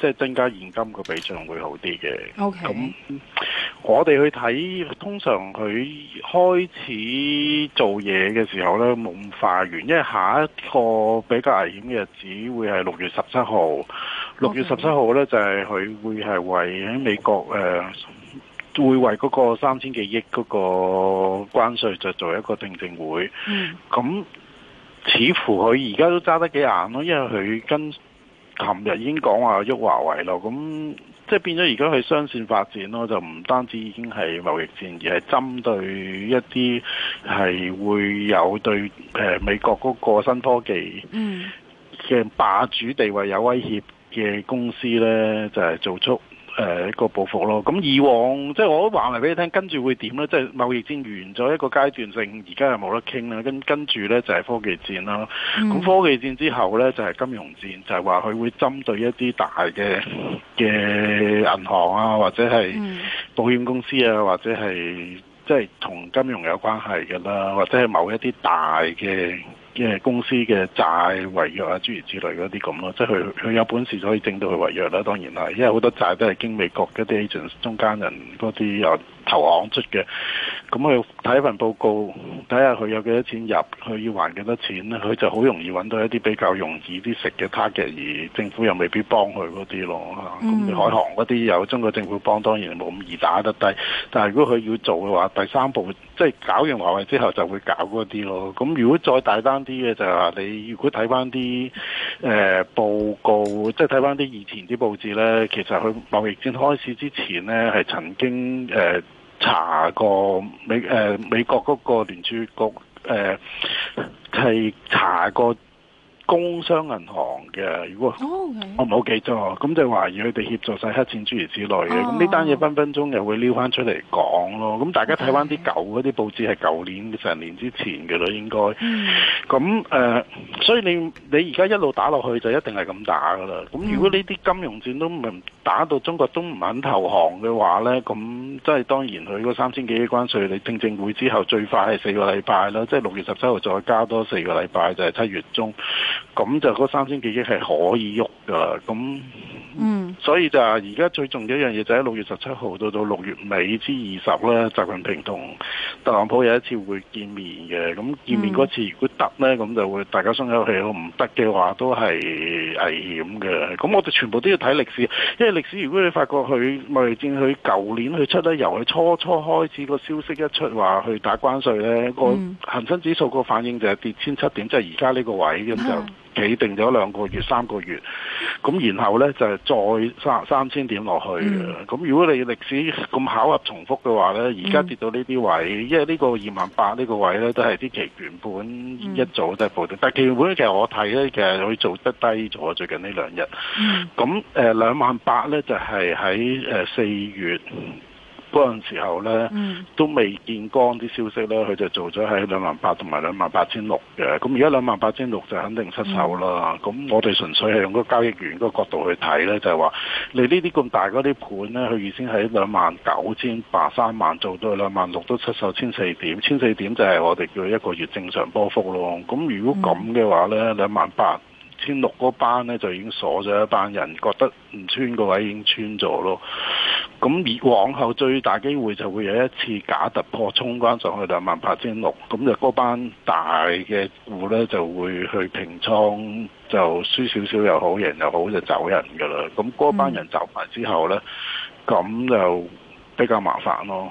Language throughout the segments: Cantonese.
即係增加現金個比重會好啲嘅。咁 Okay. 我哋去睇，通常佢開始做嘢嘅時候呢，冇咁快完，因為下一個比較危險嘅日子會係六月十七號。六 Okay. 月十七號呢，就係、是、佢會係為喺美國誒、呃，會為嗰個三千幾億嗰個關稅就做一個聽證會。咁、mm. 似乎佢而家都揸得幾硬咯，因為佢跟。琴日已經講話喐華為咯，咁即係變咗而家係雙線發展咯，就唔單止已經係貿易戰，而係針對一啲係會有對誒美國嗰個新科技嘅霸主地位有威脅嘅公司呢，就係、是、做出。誒一個報復咯，咁以往即係我都話埋俾你聽，跟住會點呢？即係貿易戰完咗一個階段性，而家又冇得傾啦。跟跟住呢就係科技戰啦。咁、嗯、科技戰之後呢，就係金融戰，就係話佢會針對一啲大嘅嘅銀行啊，或者係保險公司啊，或者係即係同金融有關係嘅啦，或者係某一啲大嘅。因為公司嘅債違約啊諸如此類嗰啲咁咯，即係佢佢有本事就可以整到佢違約啦。當然啦，因為好多債都係經美國嗰啲 agent 中間人嗰啲又投行出嘅，咁佢睇一份報告，睇下佢有幾多錢入，佢要還幾多錢咧，佢就好容易揾到一啲比較容易啲食嘅 target。而政府又未必幫佢嗰啲咯嚇。咁海航嗰啲有中國政府幫，當然冇咁易打得低。但係如果佢要做嘅話，第三步即係搞完華為之後就會搞嗰啲咯。咁如果再大單。啲嘅就你，如果睇翻啲報告，即係睇翻啲以前啲報紙咧，其實佢貿易戰開始之前咧，係曾經、呃、查過美、呃、美國嗰個聯儲局係、呃、查過。工商銀行嘅，如果、oh, okay. 我唔好記錯，咁就懷疑佢哋協助晒黑錢諸如此類嘅，咁呢單嘢分分鐘又會撩翻出嚟講咯。咁大家睇翻啲舊嗰啲報紙，係舊年成年之前嘅喇應該。咁誒 Okay.、嗯嗯，所以你你而家一路打落去就一定係咁打噶啦。咁如果呢啲金融戰都唔打到中國都唔肯投降嘅話呢，咁即係當然佢嗰三千幾億關稅，你聽證會之後最快係四個禮拜啦，即、就、六、是、月十七號再加多四個禮拜就係、是、七月中。咁就嗰三千幾億係可以喐㗎，咁。所以就係而家最重要一樣嘢就喺六月十七號到到六月尾之二十咧，習近平同特朗普有一次會見面嘅。咁見面嗰、嗯、次如果得咧，咁就會大家鬆口氣，唔得嘅話都係危險嘅。咁我哋全部都要睇歷史，因為歷史如果你發覺佢咪先佢舊年佢出得由佢初初開始個消息一出話去打關稅咧，個恒生指數個反應就係跌千七點，即係而家呢個位咁、嗯、就。企定咗兩個月、三個月，咁然後呢就係再三三千點落去咁、嗯、如果你歷史咁巧合重複嘅話呢，而家跌到呢啲位，嗯、因為呢個二萬八呢個位呢都係啲期權盤一早都係報定、嗯、但期權盤其實我睇呢，其實佢做得低咗，最近兩、嗯、呢兩日。咁誒兩萬八呢就係喺四月。嗰陣時候咧，都未見光啲消息咧，佢就做咗喺兩萬八同埋兩萬八千六嘅。咁而家兩萬八千六就肯定出售啦。咁我哋純粹係用個交易員個角度去睇咧，就係、是、話你呢啲咁大嗰啲盤咧，佢預先喺兩萬九千八三萬做到兩萬六都出售，千四點，千四點就係我哋嘅一個月正常波幅咯。咁如果咁嘅話咧，兩萬八千六嗰班咧就已經鎖咗一班人，覺得唔穿個位已經穿咗咯。咁而往後最大機會就會有一次假突破衝關上去兩萬八千六，咁就嗰班大嘅戶咧就會去平倉，就輸少少又好贏又好就走人㗎啦。咁嗰班人走埋之後咧，咁、mm. 就比較麻煩咯。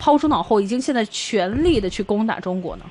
拋出腦後，已經現在全力的去攻打中國呢？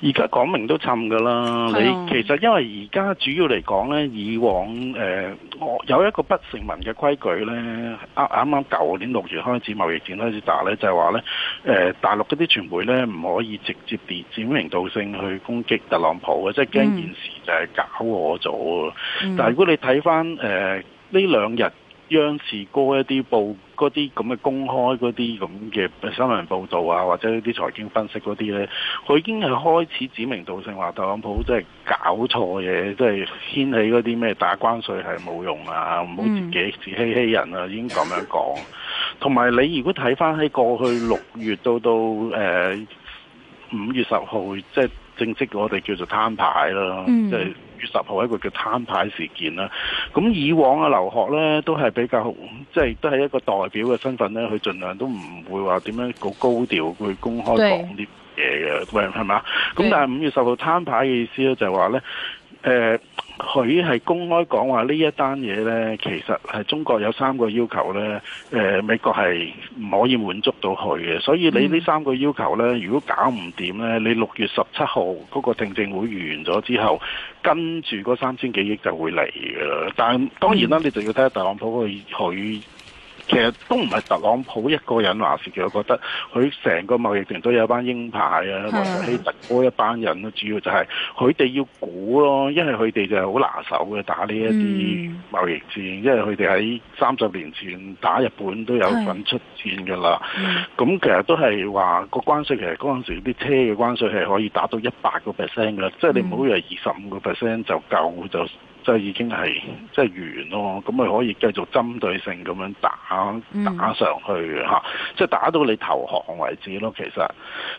而家講明都冧噶啦，嗯、你其實因為而家主要嚟講呢，以往誒，我、呃、有一個不成文嘅規矩呢，啱啱舊年六月開始貿易戰開始打、就是、呢，就係話呢誒，大陸嗰啲傳媒呢唔可以直接點指名道姓去攻擊特朗普嘅，嗯、即係驚件事就係搞我咗。嗯、但係如果你睇翻誒呢兩日央視嗰一啲報。嗰啲咁嘅公開嗰啲咁嘅新聞報道啊，或者啲財經分析嗰啲咧，佢已經係開始指名道姓話特朗普即係搞錯嘢，即係掀起嗰啲咩打關稅係冇用啊，唔好自己自欺欺人啊，已經咁樣講。同埋你如果睇翻喺過去六月到到誒五月十號，即係正式我哋叫做攤牌啦，即係、嗯。五月十號一個叫攤牌事件啦，咁以往嘅劉鶴呢都係比較即係都係一個代表嘅身份呢，佢盡量都唔會話點樣好高調去公開講啲嘢嘅，係咪啊？咁但係五月十號攤牌嘅意思咧就係話呢。誒，佢係、呃、公開講話呢一單嘢呢，其實係中國有三個要求呢。誒、呃，美國係唔可以滿足到佢嘅，所以你呢三個要求呢，如果搞唔掂呢，你六月十七號嗰個聽證會完咗之後，跟住嗰三千幾億就會嚟嘅。但係當然啦，你就要睇下特朗普佢，佢其實都唔係特朗普一個人話事嘅，其實我覺得佢成個貿易團都有班鷹派啊，是的 或者喺特哥，一班人咯。主要就係佢哋要估咯，因為佢哋就係好拿手嘅打呢一啲貿易戰，嗯、因為佢哋喺三十年前打日本都有份出戰㗎啦。咁是的、嗯、其實都係話個關稅，其實嗰陣時啲車嘅關稅係可以打到一百個 percent 㗎喇，即係、嗯、你唔好以為二十五個 percent 就夠就。就已經係即係完咯，咁咪可以繼續針對性咁樣打打上去吓，即係、嗯啊即係、打到你投降為止咯。其實，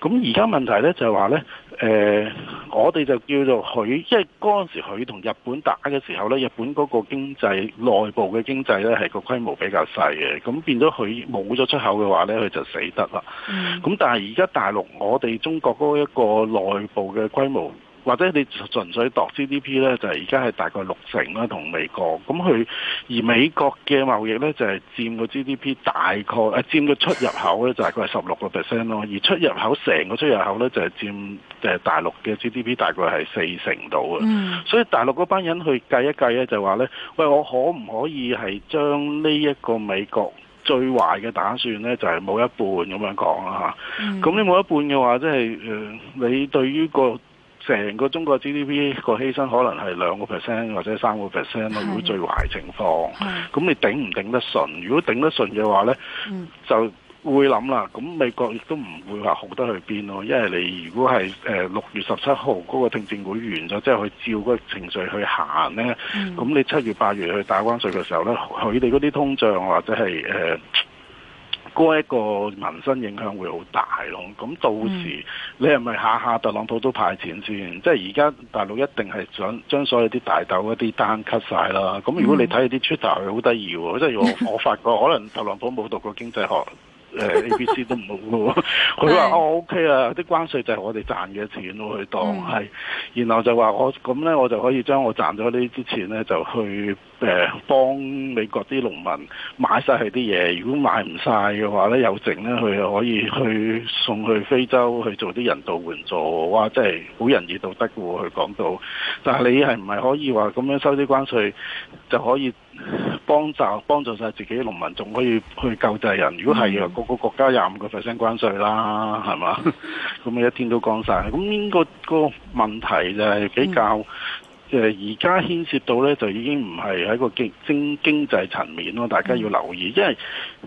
咁而家問題咧就係話咧，誒，我哋就叫做佢，即係嗰陣時佢同日本打嘅時候咧，日本嗰個經濟內部嘅經濟咧係個規模比較細嘅，咁變咗佢冇咗出口嘅話咧，佢就死得啦。咁、嗯、但係而家大陸我哋中國嗰一個內部嘅規模。或者你純粹度 GDP 咧，就係而家係大概六成啦，同美國。咁佢而美國嘅貿易咧，就係、是、佔個 GDP 大概誒佔個出入口咧，就大概係十六個 percent 咯。而出入口，成個出入口咧，就係、是、佔大陸嘅 GDP 大概係四成度啊。嗯、所以大陸嗰班人去計一計咧，就話咧，喂，我可唔可以係將呢一個美國最壞嘅打算咧，就係、是、冇一半咁樣講咁、嗯、你冇一半嘅話，即、就、係、是、你對於個。成個中國 GDP 個犧牲可能係兩個 percent 或者三個 percent 咯，是如果最壞情況，咁是你頂唔頂得順？如果頂得順嘅話呢，嗯、就會諗啦。咁美國亦都唔會話好得去邊咯。因為你如果係誒六月十七號嗰個聽證會完咗，即係去照嗰個程序去行呢。咁、嗯、你七月八月去打關稅嘅時候呢，佢哋嗰啲通脹或者係誒。Uh, 嗰一個民生影響會好大咯，咁到時、嗯、你係咪下下特朗普都派錢先？即係而家大陸一定係想將所有啲大豆嗰啲單 cut 晒啦。咁、嗯、如果你睇啲 Twitter，佢好得意喎！即係我我發覺，可能特朗普冇讀過經濟學。 A、 uh, B、C 都冇喎，佢話哦 O、K、okay、啊，啲關稅就係我哋賺嘅錢咯，佢當係，mm. 然後就話我咁咧，我就可以將我賺咗呢啲錢咧，就去誒、呃、幫美國啲農民買晒佢啲嘢，如果買唔晒嘅話咧，有剩咧，佢又可以去送去非洲去做啲人道援助，哇！真係好仁義道德嘅喎，佢講到，但係你係唔係可以話咁樣收啲關稅就可以？幫助，幫助曬自己的農民，仲可以去救濟人。如果係啊，個、嗯、個國家廿五個 percent 關稅啦，係嘛？咁啊，一天都幹曬。咁應該個問題就係比較。嗯誒而家牽涉到咧，就已經唔係喺個經濟層面咯，大家要留意，因為誒、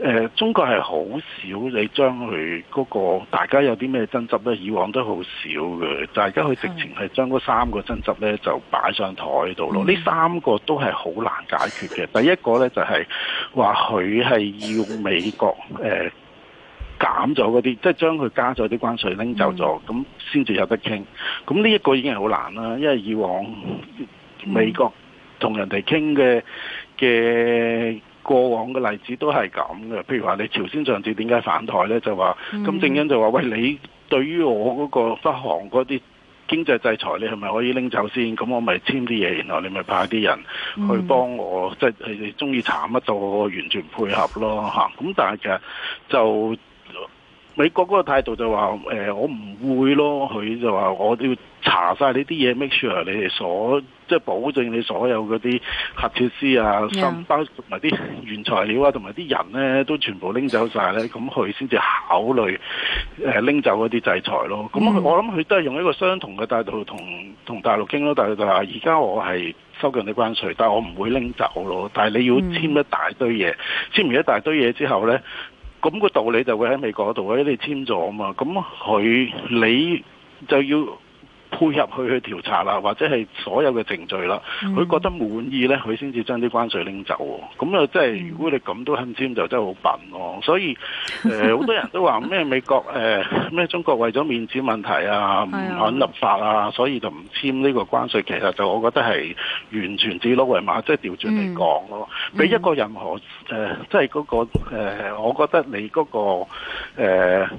呃、中國係好少你將佢嗰、那個大家有啲咩爭執咧，以往都好少嘅，但係而家佢直情係將嗰三個爭執咧就擺上台度咯，呢的三個都係好難解決嘅。第一個咧就係話佢係要美國誒。呃減咗嗰啲，即係將佢加咗啲關稅拎走咗，咁先至有得傾。咁呢一個已經係好難啦，因為以往、嗯、美國同人哋傾嘅嘅過往嘅例子都係咁嘅。譬如話你朝鮮上次點解反台呢？就話咁，正恩、嗯、就話喂，你對於我嗰個北韓嗰啲經濟制裁，你係咪可以拎走先？咁我咪簽啲嘢，然後你咪派啲人去幫我，嗯、即係你中意查乜，我完全配合咯嚇。咁但係其實就。美國嗰個態度就話：誒、呃，我唔會咯，佢就話我要查晒呢啲嘢，make sure 你哋所即係保證你所有嗰啲核設施啊，Yeah. 包同埋啲原材料啊，同埋啲人咧都全部拎走晒。」咧，咁佢先至考慮誒拎、呃、走嗰啲制裁咯。咁、mm. 我諗佢都係用一個相同嘅態度同同大陸傾咯，大陸就話：而家我係收緊啲關稅，但係我唔會拎走咯。但係你要簽一大堆嘢，mm. 簽完一大堆嘢之後咧。咁個道理就會喺美國嗰度，因為你簽咗啊嘛，咁佢你就要。配合佢去調查啦，或者係所有嘅程序啦，佢、嗯、覺得滿意呢，佢先至將啲關稅拎走。咁啊，真係如果你咁都肯簽，就真係好笨咯、哦。所以，誒、呃、好 多人都話咩美國誒咩、呃、中國為咗面子問題啊，唔肯立法啊，哎、呀所以就唔簽呢個關稅。其實就我覺得係完全指鹿為馬啫，即係調轉嚟講咯。俾、嗯、一個任何誒，即係嗰個、呃、我覺得你嗰、那個、呃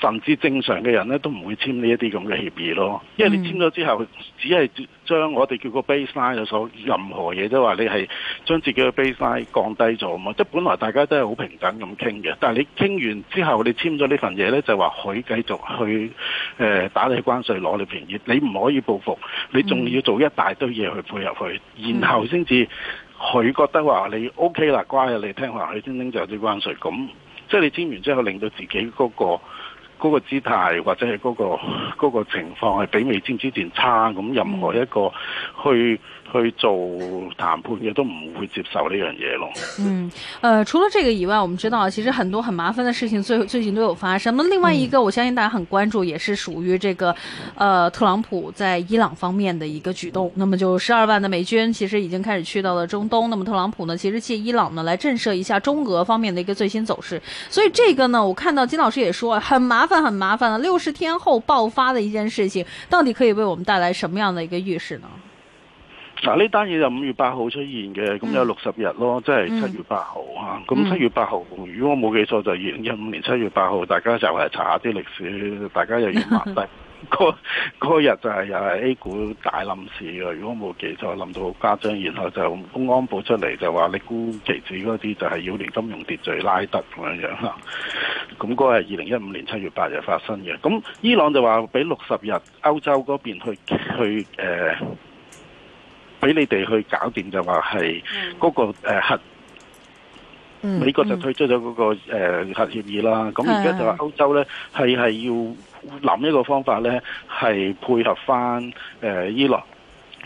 甚至正常嘅人咧，都唔會簽呢一啲咁嘅協議咯。因為你簽咗之後，只係將我哋叫個 base line 有所任何嘢，都話話你係將自己嘅 base line 降低咗嘛。即係本來大家都係好平等咁傾嘅，但係你傾完之後，你簽咗呢份嘢咧，就話佢繼續去、呃、打你關稅攞你便宜，你唔可以報復，你仲要做一大堆嘢去配合佢，mm. 然後先至佢覺得話你 OK 啦，乖啊，你聽話，佢先拎就有啲關稅。咁即係你簽完之後，令到自己嗰個。嗰個姿態或者係嗰個嗰個情況係比未簽之前差，咁任何一個去去做談判嘅都唔會接受呢樣嘢咯。嗯，呃，除了這個以外，我們知道其實很多很麻煩的事情最最近都有發生。那另外一個我相信大家很關注，也是屬於這個，誒、呃，特朗普在伊朗方面的一個舉動。那麼就十二萬的美軍其實已經開始去到了中東。那麼特朗普呢，其實借伊朗呢來震懾一下中俄方面的一個最新走勢。所以這個呢，我看到金老師也說很麻。很麻煩，六十天後爆發的一件事情，到底可以為我們帶來什麼樣的一個預示呢？嗱，呢單嘢就五月八號出現嘅，咁有六十日咯，嗯、即係七月八號啊。咁七、嗯、月八號，嗯、如果我冇記錯，就二零一五年七月八號，大家就嚟查下啲歷史，大家又要麻煩。 嗰日就係又係 A 股大冧市嘅，如果冇記錯，冧到好誇張，然後就公安部出嚟就話你估其子嗰啲就係擾亂金融秩序拉得咁樣樣啦。咁嗰係二零一五年七月八日發生嘅。咁伊朗就話俾六十日歐洲嗰邊去去誒，俾、呃、你哋去搞掂就話係嗰個、嗯呃、核。美國就退出咗嗰、嗰個、呃、核協議啦。咁而家就話歐洲呢係係要。諗一個方法呢，係配合翻誒、呃、伊朗，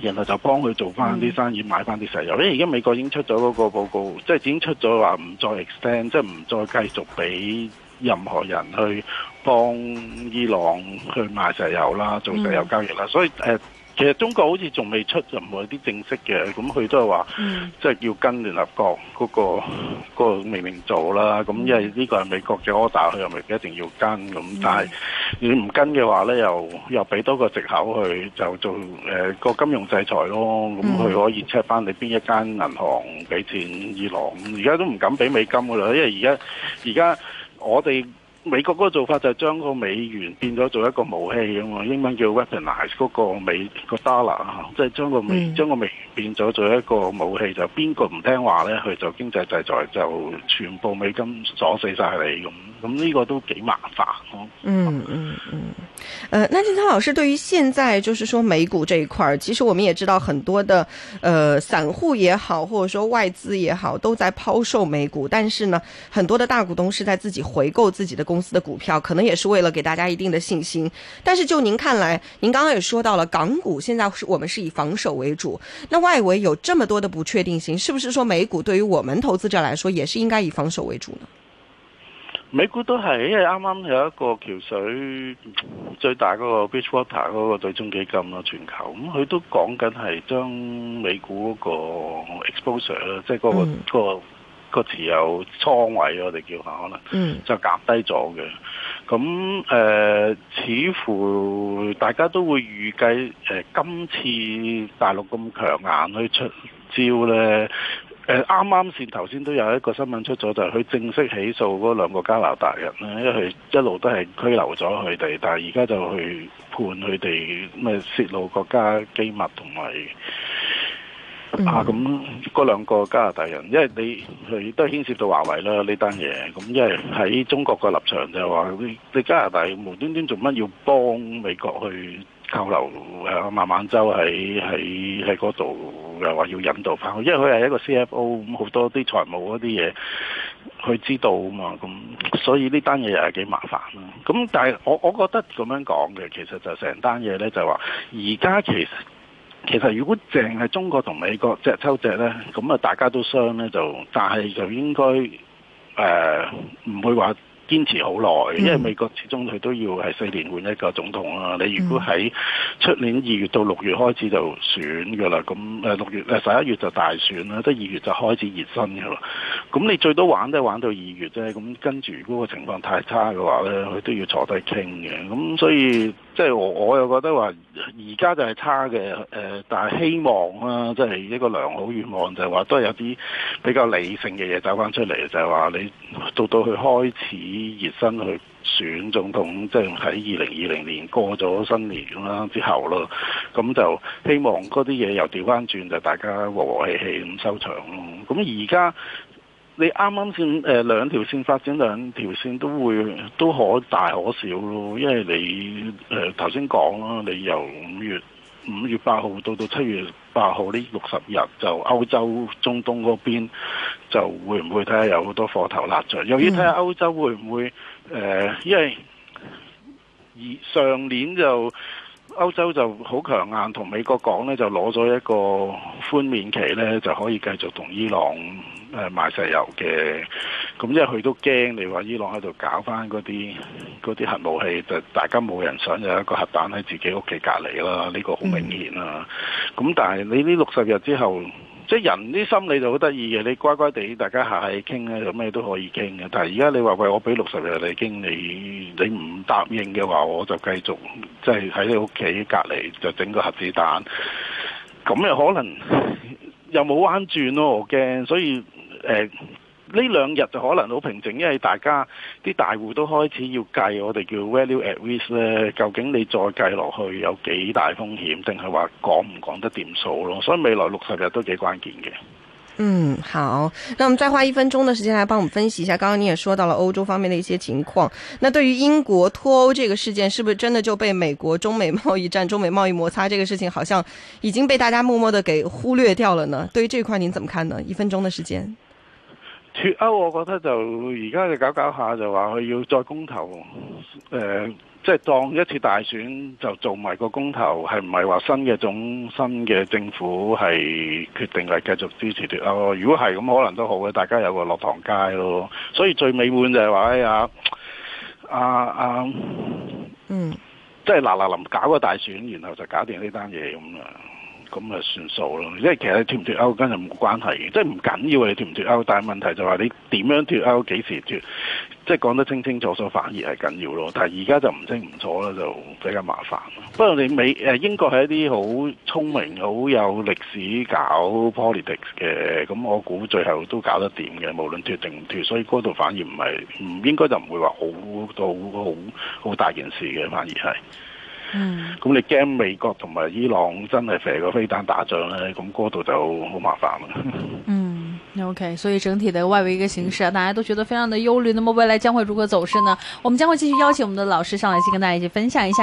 然後就幫佢做翻啲生意，買翻啲石油。因為而家美國已經出咗嗰個報告，即係已經出咗話唔再 extend，即係唔再繼續俾任何人去幫伊朗去賣石油啦，做石油交易啦。所以誒。呃其實中國好似仲未出任何啲正式嘅，咁佢都係話，即係要跟聯合國嗰個嗰個命令做啦。咁因為呢個係美國嘅 order，佢又未必一定要跟咁。但係你唔跟嘅話咧，又又俾多個藉口去就做誒個金融制裁咯。咁佢可以 check 翻你邊一間銀行俾錢伊朗。而家都唔敢俾美金噶啦，因為而家而家我哋。美國嗰個做法就係將個美元變咗做一個武器咁啊，英文叫 weaponize 嗰個美個 dollar 啊，即係將個美將個美元變咗做一個武器，嗯、就邊個唔聽話咧，佢就經濟制裁就全部美金鎖死晒你咁，咁呢個都幾麻煩咯、嗯。嗯嗯嗯，誒、呃，那金曹老師對於現在就是說美股這一塊，其實我們也知道很多的，誒、呃，散戶也好，或者說外資也好，都在拋售美股，但是呢，很多的大股東是在自己回購自己的。公司的股票可能也是為了給大家一定的信心，但是就您看來，您剛剛也說到了港股，現在是我們是以防守為主。那外圍有這麼多的不確定性，是不是說美股對於我們投資者來說也是應該以防守為主呢？美股都係因為啱啱有一個橋水最大嗰個 Bridgewater 嗰個對沖基金咯，全球咁佢都講緊係將美股嗰個 exposure 咧，即係嗰個嗰個。嗯個持有倉位，我哋叫下可能，就減低咗嘅。咁誒、呃，似乎大家都會預計誒、呃，今次大陸咁強硬去出招咧。誒、呃，啱啱先頭先都有一個新聞出咗，就係、是、佢正式起訴嗰兩個加拿大人，因為佢一路都係拘留咗佢哋，但係而家就去判佢哋咩泄露國家機密同埋。啊，咁嗰兩個加拿大人，因為你佢都牽涉到華為啦，呢單嘢，咁因為喺中國個立場就話，你加拿大無端端做乜要幫美國去扣留誒，孟晚舟喺喺喺嗰度又話要引導翻去，因為佢係一個 CFO，咁好多啲財務嗰啲嘢，佢知道嘛，咁所以呢單嘢又係幾麻煩。咁但係我我覺得咁樣講嘅，其實就成單嘢咧，就話而家其實。其實如果淨係中國同美國即抽掣呢，咁啊大家都傷呢，就，但係就應該誒唔、呃、會話堅持好耐，因為美國始終佢都要係四年換一個總統啦。你如果喺出年二月到六月開始就選㗎啦，咁六月十一、呃、月就大選啦，即二月就開始熱身㗎啦。咁你最多玩都係玩到二月啫。咁跟住如果個情況太差嘅話呢，佢都要坐低傾嘅。咁所以。即係我又覺得話而家就係差嘅，誒、呃，但係希望啦，即、就、係、是、一個良好願望就是說，就係話都係有啲比較理性嘅嘢打翻出嚟，就係、是、話你到到佢開始熱身去選總統，即係喺二零二零年過咗新年咁啦之後咯，咁就希望嗰啲嘢又調翻轉，就大家和和氣氣咁收場咯。咁而家。你啱啱先誒兩條線發展，兩條線都會都可大可小咯，因為你誒頭先講啦，你由五月五月八號到到七月八號呢六十日，就歐洲、中東嗰邊就會唔會睇下有好多火頭落咗，又要睇下歐洲會唔會誒、呃，因為上年就。歐洲就好強硬同美國講咧，就攞咗一個寬免期咧，就可以繼續同伊朗誒賣、呃、石油嘅。咁、嗯、因為佢都驚你話伊朗喺度搞翻嗰啲嗰啲核武器，就大家冇人想有一個核彈喺自己屋企隔離啦。呢、這個好明顯啦、啊。咁、嗯嗯、但係你呢六十日之後。即係人啲心理就好得意嘅，你乖乖哋大家下下傾咧，就咩都可以傾嘅。但係而家你話喂，我俾六十日你傾，你你唔答應嘅話，我就繼續即係喺你屋企隔離就整個核子彈，咁又可能又冇彎轉咯，我驚。所以、欸呢兩日就可能好平靜，因為大家啲大戶都開始要計我哋叫 value at risk 咧，究竟你再計落去有幾大風險，定係話講唔講得掂數咯？所以未來六十日都幾關鍵嘅。嗯，好，那我們再花一分鐘的時間來幫我們分析一下。剛剛你也說到了歐洲方面的一些情況，那對於英國脫歐這個事件，是不是真的就被美國中美貿易戰、中美貿易摩擦這個事情，好像已經被大家默默的給忽略掉了呢？對於這塊，您怎麼看呢？一分鐘的時間。脱歐我覺得就而家就搞搞下就話佢要再公投，誒、呃，即、就、係、是、當一次大選就做埋個公投，係唔係話新嘅總、新嘅政府係決定嚟繼續支持脱歐？如果係咁，可能都好嘅，大家有個落堂街咯。所以最美滿就係話哎呀，阿、啊、阿，啊、嗯，即係嗱嗱臨搞個大選，然後就搞掂呢單嘢咁樣。咁咪算數咯，即係其實你脱唔脱歐跟住冇關係，即係唔緊要你脱唔脱歐，但係問題就係你點樣脱歐，幾時脱，即係講得清清楚楚，反而係緊要咯。但係而家就唔清唔楚啦，就比較麻煩。不過你美英國係一啲好聰明、好有歷史搞 politics 嘅，咁我估最後都搞得掂嘅，無論脱定唔脱，所以嗰度反而唔係唔應該就唔會話好到好好，好大件事嘅，反而係。嗯，咁你驚美國同埋伊朗真係射個飛彈打仗咧，咁嗰度就好麻煩啦。 嗯，OK，所以整體的外圍一個形勢啊，大家都覺得非常的憂慮。那麼未來將會如何走勢呢？我們將會繼續邀請我們的老師上來，先跟大家一起分享一下。